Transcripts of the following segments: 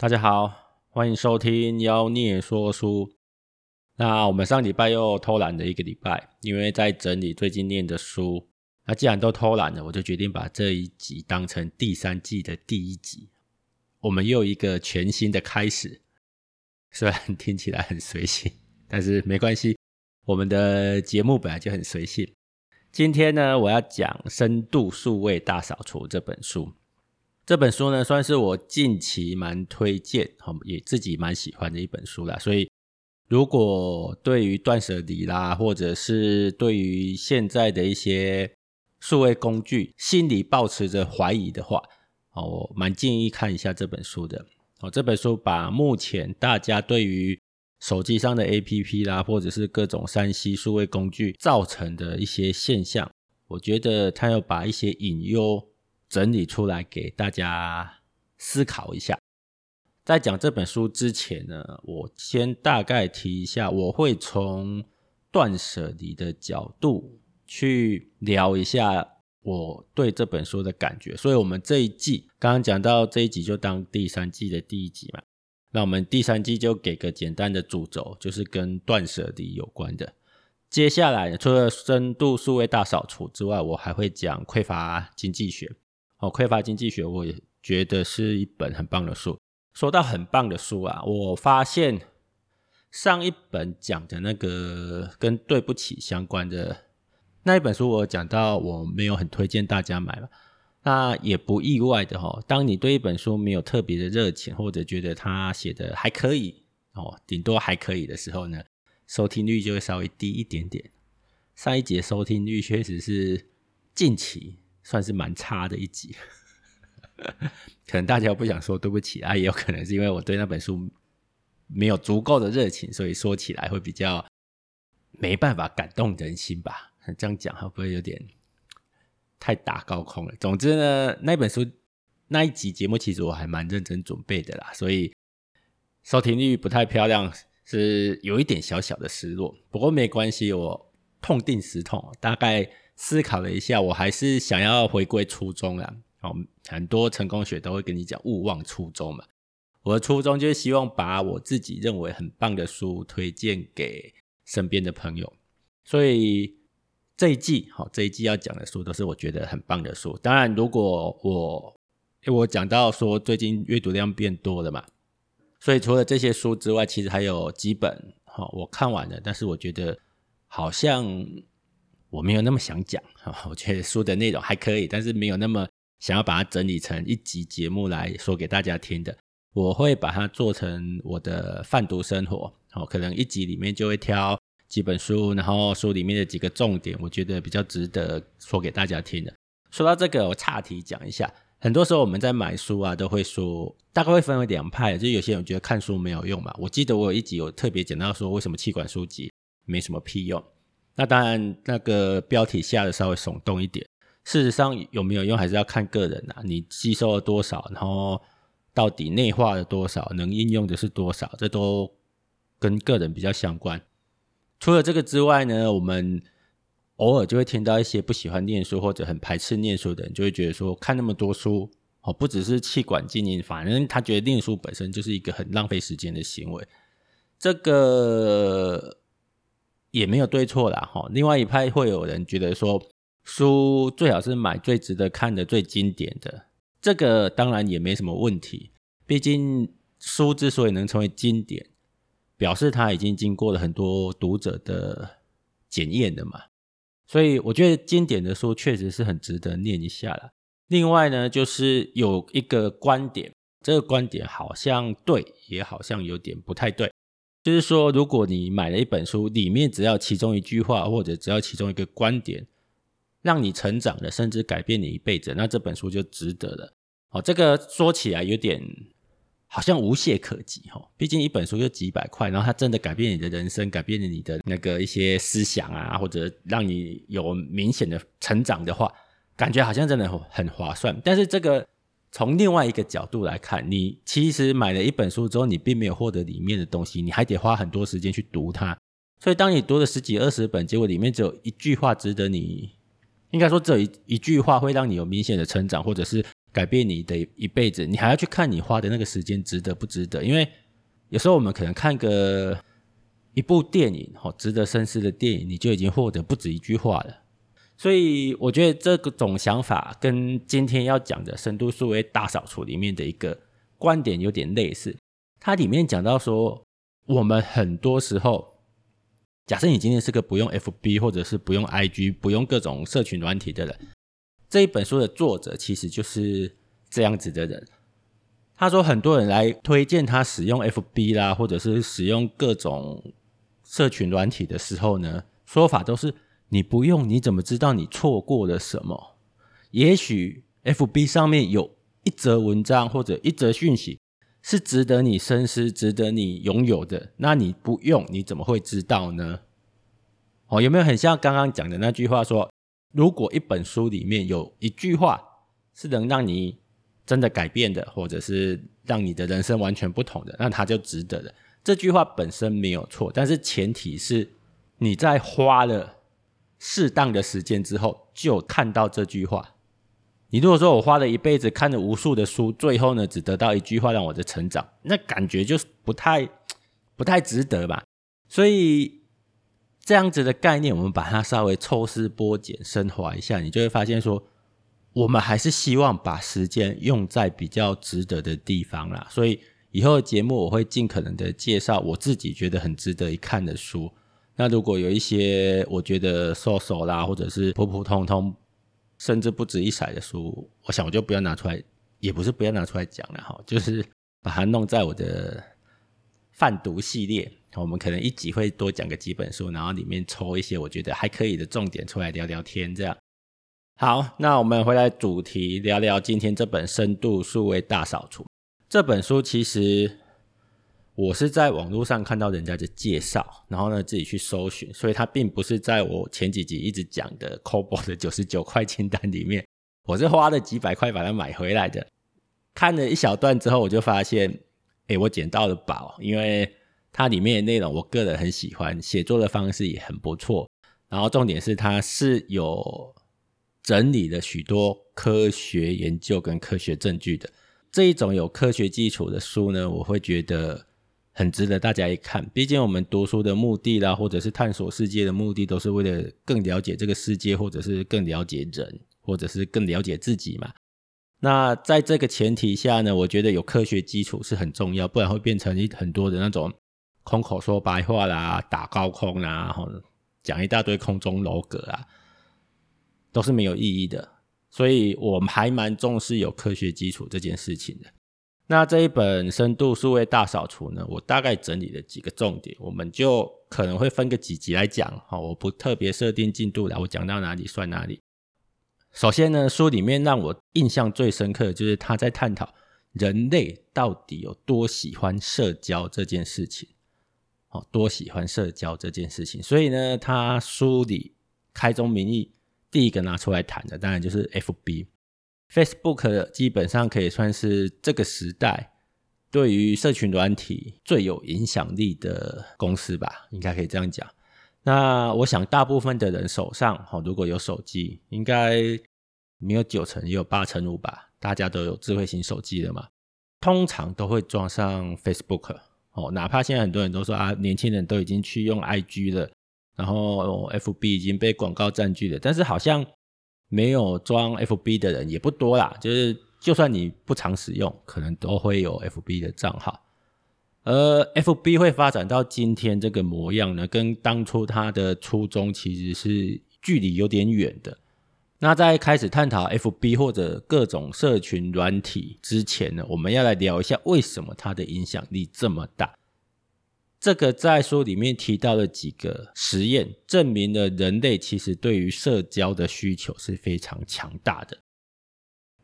大家好，歡迎收聽妖孽說書。那我們上禮拜又偷懶了一個禮拜，因為在整理最近念的書。那既然都偷懶了，我就決定把這一集當成第三季的第一集，我們又一個全新的開始。雖然聽起來很隨性，但是沒關係，我們的節目本來就很隨性。今天呢，我要講《深度數位大掃除》這本書。這本書呢，算是我近期蠻推薦，好也自己蠻喜歡的一本書啦。所以，如果對於斷舍離啦，或者是對於現在的一些數位工具，心裡抱持着懷疑的話，我蠻建議看一下這本書的。哦，這本書把目前大家對於手機上的 APP 啦，或者是各種三 C 數位工具造成的一些現象，我覺得它要把一些隱憂。整理出來給大家思考一下。在講這本書之前呢，我先大概提一下，我會從斷捨離的角度去聊一下我對這本書的感覺。所以，我們這一季剛剛講到這一集，就當第三季的第一集嘛。那我們第三季就給個簡單的主軸，就是跟斷捨離有關的。接下來除了深度數位大掃除之外，我還會講匱乏經濟學。哦，匱乏經濟學，我也覺得是一本很棒的書。說到很棒的書啊，我發現上一本講的那個跟對不起相關的那一本書，我講到我沒有很推薦大家買吧。那也不意外的哈、哦，當你對一本書沒有特別的熱情，或者覺得它寫的還可以哦，頂多還可以的時候呢，收聽率就會稍微低一點點。上一節收聽率確實是近期。算是蠻差的一集，可能大家不想說對不起啊，也有可能是因為我對那本書沒有足夠的熱情，所以說起來會比較沒辦法感動人心吧。這樣講會不會有點太打高空了？總之呢，那本書那一集節目其實我還蠻認真準備的啦，所以收聽率不太漂亮，是有一點小小的失落。不過沒關係，我。痛定思痛，大概思考了一下，我還是想要回歸初衷了。好，很多成功學都會跟你講勿忘初衷嘛。我的初衷就是希望把我自己認為很棒的書推薦給身邊的朋友。所以這一季，好，這一季要講的書都是我覺得很棒的書。當然，如果我我講到說最近閱讀量變多了嘛，所以除了這些書之外，其實還有幾本好我看完了，但是我覺得。好像我沒有那麼想講，我覺得書的內容還可以，但是沒有那麼想要把它整理成一集節目來說給大家聽的。我會把它做成我的泛讀生活，然後可能一集裡面就會挑幾本書，然後書裡面的幾個重點，我覺得比較值得說給大家聽的。說到這個，我岔題講一下，很多時候我們在買書啊，都會說，大概會分為兩派，就是有些人覺得看書沒有用嘛。我記得我有一集有特別講到說為什麼氣管書籍。沒什麼屁用，那當然那個標題下得稍微聳動一點。事實上有沒有用，還是要看個人啊。你吸收了多少，然後到底內化了多少，能應用的是多少，這都跟個人比較相關。除了這個之外呢，我們偶爾就會聽到一些不喜歡念書或者很排斥念書的人，就會覺得說看那麼多書，哦，不只是氣管經營，反正他覺得念書本身就是一個很浪費時間的行為。這個。也沒有對錯啦，哈。另外一派會有人覺得說，書最好是買最值得看的、最經典的，這個當然也沒什麼問題。畢竟書之所以能成為經典，表示他已經經過了很多讀者的檢驗的嘛。所以我覺得經典的書確實是很值得念一下啦。另外呢，就是有一個觀點，這個觀點好像對，也好像有點不太對。就是說，如果你買了一本書，裡面只要其中一句話，或者只要其中一個觀點，讓你成長的，甚至改變你一輩子，那這本書就值得了。哦，這個說起來有點好像無懈可擊哦，畢竟一本書就幾百塊，然後它真的改變你的人生，改變你的那個一些思想啊，或者讓你有明顯的成長的話，感覺好像真的很划算。但是這個。從另外一個角度來看，你其實買了一本書之後，你並沒有獲得裡面的東西，你還得花很多時間去讀它。所以，當你讀了十幾二十本，結果裡面只有一句話值得你，應該說只有一一句話會讓你有明顯的成長，或者是改變你的一輩子，你還要去看你花的那個時間值得不值得？因為有時候我們可能看個一部電影，哦，值得深思的電影，你就已經獲得不止一句話了。所以我覺得這種想法跟今天要講的《深度數位大掃除》裡面的一個觀點有點類似。它裡面講到說，我們很多時候，假設你今天是個不用 FB 或者是不用 IG、不用各種社群軟體的人，這一本書的作者其實就是這樣子的人。他說，很多人來推薦他使用 FB 啦，或者是使用各種社群軟體的時候呢，說法都是。你不用，你怎麼知道你錯過了什麼？也許 FB 上面有一則文章或者一則訊息是值得你深思、值得你擁有的。那你不用，你怎麼會知道呢？哦，有沒有很像剛剛講的那句話說：如果一本書裡面有一句話是能讓你真的改變的，或者是讓你的人生完全不同的，那它就值得了。這句話本身沒有錯，但是前提是你在花了。適當的時間之後，就看到這句話。你如果說我花了一輩子看了無數的書，最後呢只得到一句話讓我的成長，那感覺就不太不太值得吧。所以這樣子的概念，我們把它稍微抽絲剝繭昇華一下，你就會發現說，我們還是希望把時間用在比較值得的地方啦。所以以後的節目我會盡可能的介紹我自己覺得很值得一看的書。那如果有一些我覺得 so so 啦，或者是普普通通，甚至不值一哂的書，我想我就不要拿出來，也不是不要拿出來講了哈，就是把它弄在我的泛讀系列。我們可能一集會多講個幾本書，然後裡面抽一些我覺得還可以的重點出來聊聊天。這樣好，那我們回來主題聊聊今天這本《深度數位大掃除》這本書，其實。我是在網絡上看到人家的介紹，然後呢，自己去搜尋，所以它並不是在我前幾集一直講的 Kobo 的九十九塊清單裡面，我是花了幾百塊把它買回來的。看了一小段之後，我就發現，哎，我撿到了寶，因為它裡面的內容我個人很喜歡，寫作的方式也很不錯，然後重點是它是有整理了許多科學研究跟科學證據的。這一種有科學基礎的書呢，我會覺得。很值得大家一看，畢竟我們讀書的目的啦，或者是探索世界的目的，都是為了更了解這個世界，或者是更了解人，或者是更了解自己嘛。那在這個前提下呢，我覺得有科學基礎是很重要，不然會變成一很多的那種空口說白話啦、打高空啦，講一大堆空中樓閣啊，都是沒有意義的。所以，我們還蠻重視有科學基礎這件事情的。那這一本《深度數位大掃除》呢，我大概整理了幾個重點，我們就可能會分個幾集來講哈，我不特別設定進度來，我講到哪裡算哪裡。首先呢，書裡面讓我印象最深刻的就是他在探討人類到底有多喜歡社交這件事情，哦，多喜歡社交這件事情。所以呢，他書裡開宗明義第一個拿出來談的，當然就是 FB。Facebook 基本上可以算是這個時代對於社群軟體最有影響力的公司吧，應該可以這樣講。那我想，大部分的人手上哦，如果有手機，應該沒有九成也有八成五吧，大家都有智慧型手機了嘛，通常都會裝上 Facebook 哦。哪怕現在很多人都說啊，年輕人都已經去用 IG 了，然後 FB 已經被廣告占據了，但是好像。沒有裝 FB 的人也不多啦，就是就算你不常使用，可能都會有 FB 的賬號。而 FB 會發展到今天這個模樣呢，跟當初它的初衷其實是距離有點遠的。那在開始探討 FB 或者各種社群軟體之前呢，我們要來聊一下為什麼它的影響力這麼大。這個在書裡面提到了幾個實驗，證明了人類其實對於社交的需求是非常強大的。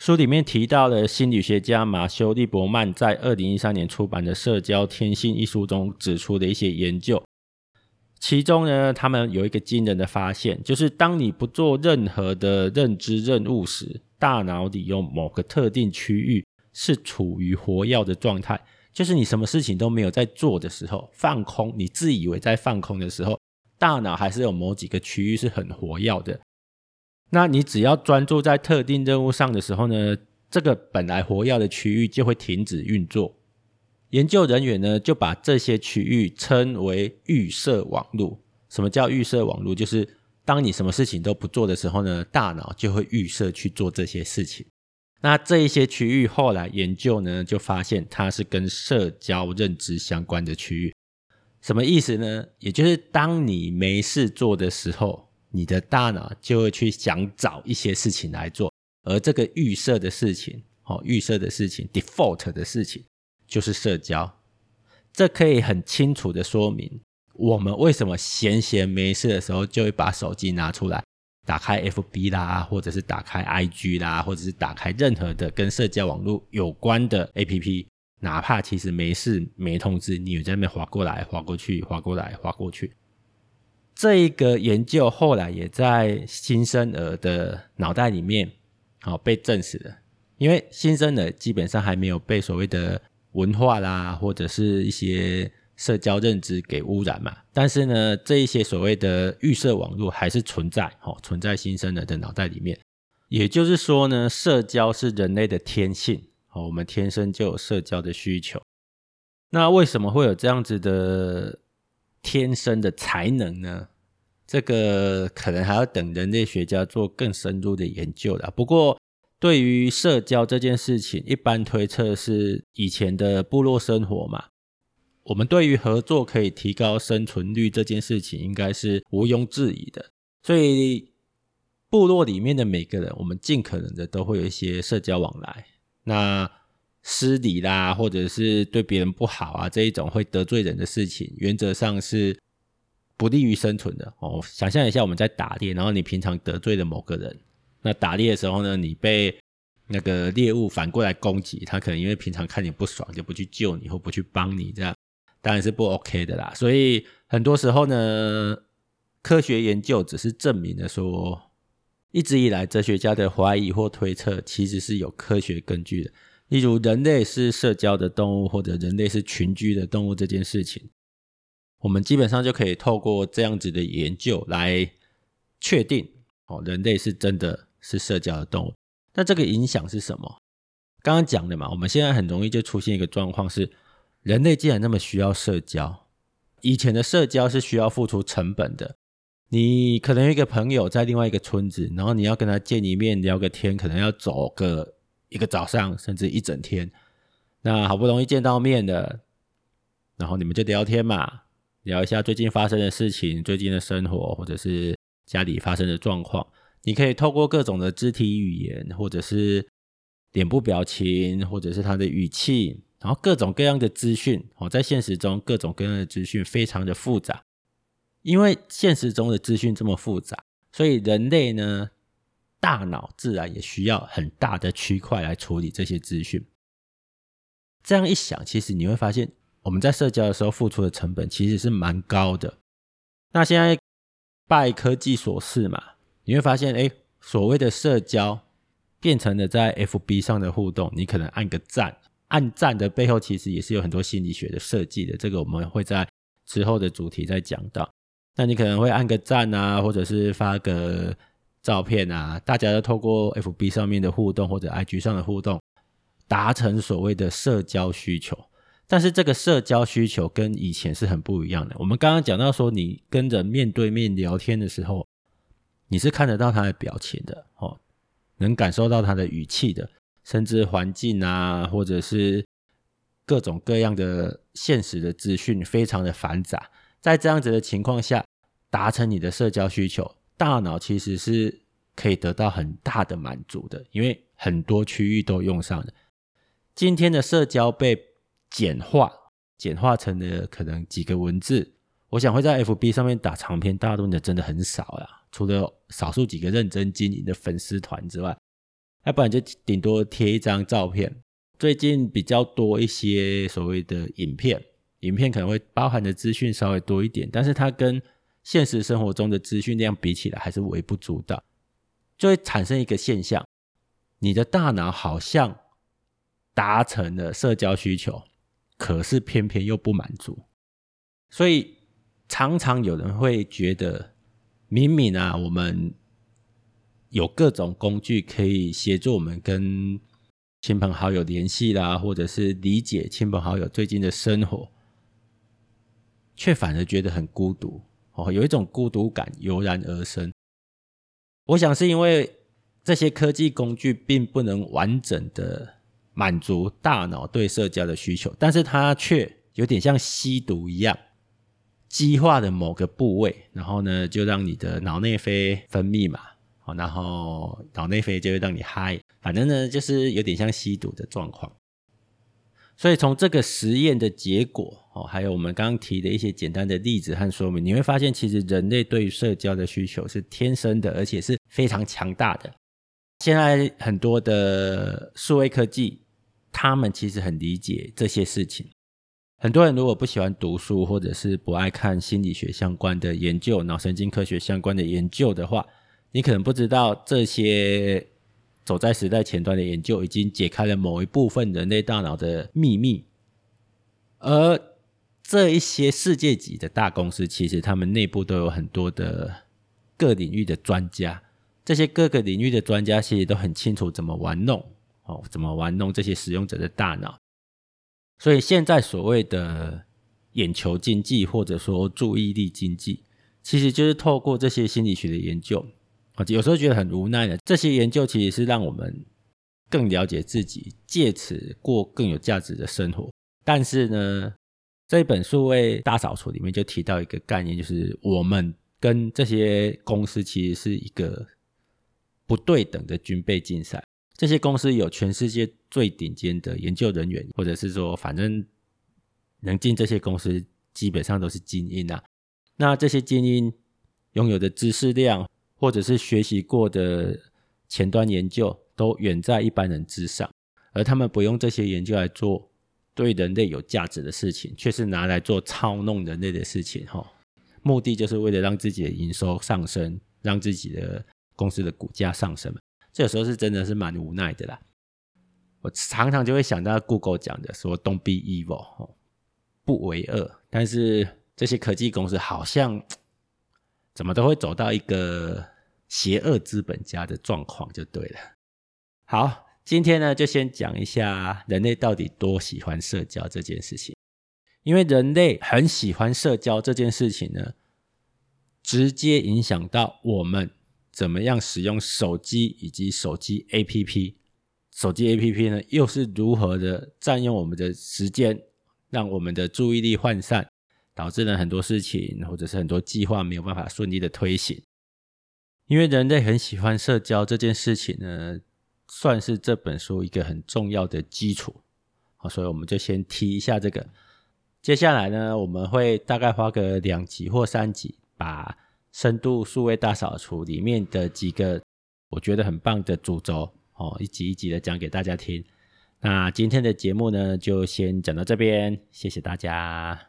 書裡面提到了心理學家馬修利伯曼在二零一三年出版的《社交天性》一書中指出的一些研究，其中呢，他們有一個驚人的發現，就是當你不做任何的認知任務時，大腦裡有某個特定區域是處於活躍的狀態。就是你什麼事情都沒有在做的時候放空，你自以為在放空的時候，大腦還是有某幾個區域是很活躍的。那你只要專注在特定任務上的時候呢，這個本來活躍的區域就會停止運作。研究人員呢就把這些區域稱為預設網絡。什麼叫預設網絡？就是當你什麼事情都不做的時候呢，大腦就會預設去做這些事情。那這一些區域後來研究呢，就發現它是跟社交認知相關的區域。什麼意思呢？也就是當你沒事做的時候，你的大腦就會去想找一些事情來做，而這個預設的事情，哦，預設的事情，default 的事情，就是社交。這可以很清楚的說明我們為什麼閒閒沒事的時候就會把手機拿出來。打開 FB 啦，或者是打開 IG 啦，或者是打開任何的跟社交網絡有關的 APP，哪怕其實沒事沒通知，你有在那邊滑過來、滑過去、滑過來、滑過去。這一個研究後來也在新生兒的腦袋裡面好、哦、被證實了，因為新生兒基本上還沒有被所謂的文化啦，或者是一些。社交認知給污染嘛？但是呢，這一些所謂的預設網絡還是存在，哦，存在新生兒的腦袋裡面。也就是說呢，社交是人類的天性，哦，我們天生就有社交的需求。那為什麼會有這樣子的天生的才能呢？這個可能還要等人類學家做更深入的研究啦。不過，對於社交這件事情，一般推測是以前的部落生活嘛。我們對於合作可以提高生存率這件事情，應該是毋庸置疑的。所以，部落裡面的每個人，我們盡可能的都會有一些社交往來。那失禮啦，或者是對別人不好啊這一種會得罪人的事情，原則上是不利於生存的哦。想象一下，我們在打獵，然後你平常得罪了某個人，那打獵的時候呢，你被那個獵物反過來攻擊，他可能因為平常看你不爽，就不去救你，或不去幫你這樣。當然是不 OK 的啦，所以很多時候呢，科學研究只是證明了說，一直以來哲學家的懷疑或推測其實是有科學根據的。例如，人類是社交的動物，或者人類是群居的動物這件事情，我們基本上就可以透過這樣子的研究來確定，哦，人類是真的是社交的動物。那這個影響是什麼？剛剛講的嘛，我們現在很容易就出現一個狀況是。人類既然那麼需要社交，以前的社交是需要付出成本的。你可能有一個朋友在另外一個村子，然後你要跟他見一面聊個天，可能要走個一個早上，甚至一整天。那好不容易見到面的，然後你們就聊天嘛，聊一下最近發生的事情，最近的生活，或者是家裡發生的狀況。你可以透過各種的肢體語言，或者是臉部表情，或者是他的語氣，然後各種各樣的資訊，哦，在現實中各種各樣的資訊非常的複雜，因為現實中的資訊這麼複雜，所以人類呢，大腦自然也需要很大的區塊來處理這些資訊。這樣一想，其實你會發現我們在社交的時候付出的成本其實是蠻高的。那現在拜科技所賜嘛，你會發現，誒，所謂的社交變成了在 FB 上的互動，你可能按個贊。按讚的背後其實也是有很多心理學的設計的，這個我們會在之後的主題再講到。那你可能會按個讚啊，或者是發個照片啊，大家都透過 FB 上面的互動或者 IG 上的互動，達成所謂的社交需求。但是這個社交需求跟以前是很不一樣的。我們剛剛講到說，你跟人面對面聊天的時候，你是看得到他的表情的，哦，能感受到他的語氣的。甚至環境啊，或者是各種各樣的現實的資訊，非常的繁雜。在這樣子的情況下，達成你的社交需求，大腦其實是可以得到很大的滿足的，因為很多區域都用上了。今天的社交被簡化，簡化成了可能幾個文字，我想會在 FB 上面打長篇大論的，真的很少啦，除了少數幾個認真經營的粉絲團之外。要不然就頂多貼一張照片，最近比較多一些所謂的影片，影片可能會包含的資訊稍微多一點，但是它跟現實生活中的資訊量比起來還是微不足道，就會產生一個現象，你的大腦好像達成了社交需求，可是偏偏又不滿足，所以常常有人會覺得，明明啊，我們。有各種工具可以協助我們跟親朋好友聯繫啦，或者是理解親朋好友最近的生活，卻反而覺得很孤獨哦，有一種孤獨感油然而生。我想是因為這些科技工具並不能完整的滿足大腦對社交的需求，但是它卻有點像吸毒一樣，激化了某個部位，然後呢，就讓你的腦內啡分泌嘛。然後腦內啡就會讓你嗨，反正呢就是有點像吸毒的狀況。所以從這個實驗的結果，哦，還有我們剛剛提的一些簡單的例子和說明，你會發現其實人類對於社交的需求是天生的，而且是非常強大的。現在很多的數位科技，他們其實很理解這些事情。很多人如果不喜歡讀書，或者是不愛看心理學相關的研究、腦神經科學相關的研究的話，你可能不知道，這些走在時代前端的研究已經解開了某一部分人類大腦的秘密，而這一些世界級的大公司，其實他們內部都有很多的各領域的專家，這些各個領域的專家其實都很清楚怎麼玩弄哦，怎麼玩弄這些使用者的大腦，所以現在所謂的眼球經濟或者說注意力經濟，其實就是透過這些心理學的研究。有時候覺得很無奈的，這些研究其實是讓我們更了解自己，借此過更有價值的生活。但是呢，這一本數位大掃除裡面就提到一個概念，就是我們跟這些公司其實是一個不對等的軍備競賽。這些公司有全世界最頂尖的研究人員，或者是說，反正能進這些公司基本上都是精英啊。那這些精英擁有的知識量。或者是學習過的前端研究都遠在一般人之上，而他們不用這些研究來做對人類有價值的事情，卻是拿來做操弄人類的事情，哦、目的就是為了讓自己的營收上升，讓自己的公司的股價上升。這個時候是真的是蠻無奈的啦。我常常就會想到 Google 講的說 “Don't be evil”，哦、不為惡。但是這些科技公司好像，怎麼都會走到一個邪惡資本家的狀況就對了。好，今天呢就先講一下人類到底多喜歡社交這件事情，因為人類很喜歡社交這件事情呢，直接影響到我們怎麼樣使用手機以及手機 APP。手機 APP 呢又是如何的佔用我們的時間，讓我們的注意力渙散。導致了很多事情，或者是很多計劃沒有辦法順利的推行，因為人類很喜歡社交這件事情呢，算是這本書一個很重要的基礎。好，所以我們就先提一下這個。接下來呢，我們會大概花個兩集或三集，把《深度數位大掃除》裡面的幾個我覺得很棒的主軸，哦，一集一集的講給大家聽。那今天的節目呢，就先講到這邊，謝謝大家。